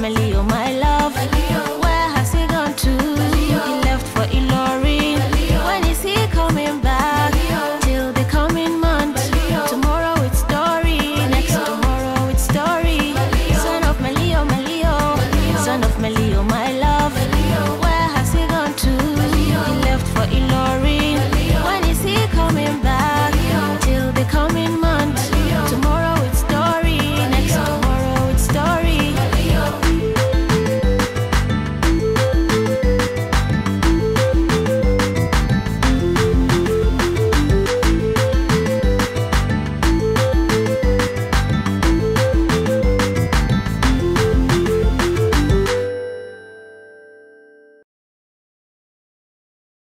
Melio, my love. Melio. Where has he gone to? Melio. He left for Ilorin. When is he coming back? Till the coming month. Tomorrow it's story. Next tomorrow it's story. Son of Melio, Melio. Son of Melio, my